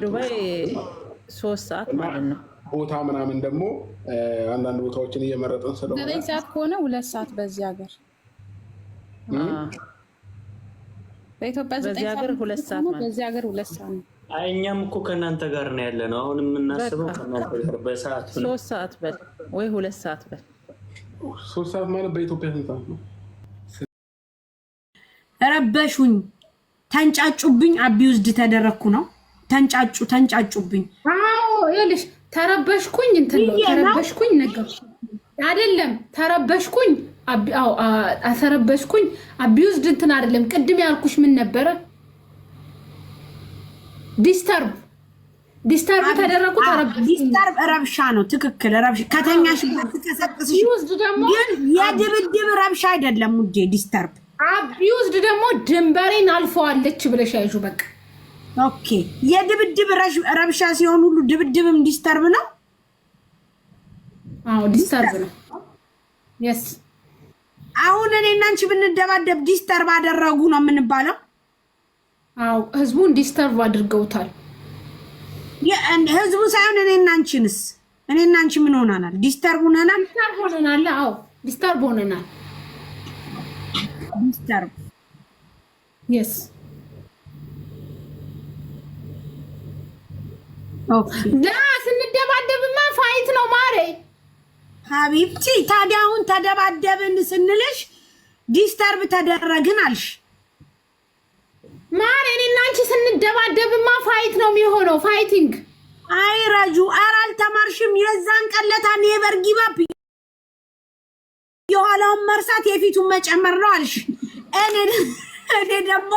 ዱባይ ሶስት ሰዓት ማለት ነው። ቦታ ምናምን ደግሞ አንዳንድ ቦታዎችን እየመረጥን ስለ ዘጠኝ ሰዓት ከሆነ ሁለት ሰዓት በዚህ ሀገር በኢትዮጵያ ዘጠኝ ሰዓት ሁለት ሰዓት ነው። በዚህ ሀገር ሁለት ሰዓት ነው። እኛም እኮ ከእናንተ ጋር ነው ያለ ነው። አሁን የምናስበው ከእናንተ ጋር በሰዓት ሶስት ሰዓት በል ወይ ሁለት ሰዓት በል። ሶስት ሰዓት ማለት በኢትዮጵያ ስንት ሰዓት ነው? ረበሹኝ፣ ተንጫጩብኝ፣ አቢውዝድ ተደረግኩ ነው ተንጫጩ ተንጫጩብኝ። አዎ ይኸውልሽ ተረበሽኩኝ፣ እንትን ነው ተረበሽኩኝ፣ ነገር አይደለም ተረበሽኩኝ፣ ተረበሽኩኝ አቢዩዝድ እንትን አይደለም። ቅድም ያልኩሽ ምን ነበረ? ዲስተርብ ዲስተርብ ተደረጉ። ዲስተርብ ረብሻ ነው። ትክክል ረብሻ ከተኛሽ ትቀሰቅስሽ፣ ግን የድብድብ ረብሻ አይደለም ውዴ። ዲስተርብ አቢዩዝድ ደግሞ ድንበሬን አልፈዋለች ብለሽ ያይሹ በቃ ኦኬ የድብድብ ረብሻ ሲሆን ሁሉ ድብድብም ዲስተርብ ነው። አዎ ዲስተርብ ነው። የስ አሁን እኔ እና አንቺ ብንደባደብ ዲስተርብ አደረጉ ነው የምንባለው። አዎ ህዝቡን ዲስተርብ አድርገውታል። ህዝቡ ሳይሆን እኔ እና አንቺንስ እኔ እና አንቺ ምን ሆነናል? ዲስተርብ ሆነናል። ዲስተርብ ሆነናል። አዎ ዲስተርብ ሆነናል። ዲስተርብ የስ ዳ ስንደባደብማ ፋይት ነው ማሬ ሀቢብቲ። ታዲያ አሁን ተደባደብን ስንልሽ ዲስተርብ ተደረግን አልሽ ማሬ። እኔ እና አንቺ ስንደባደብማ ፋይት ነው የሚሆነው። ፋይቲንግ አይ ረጁ ኧረ አልተማርሽም። የዛን ቀለታ ኔቨር ጊቭ የኋላውን መርሳት የፊቱን መጨመር ነው አልሽ። እኔ ደግሞ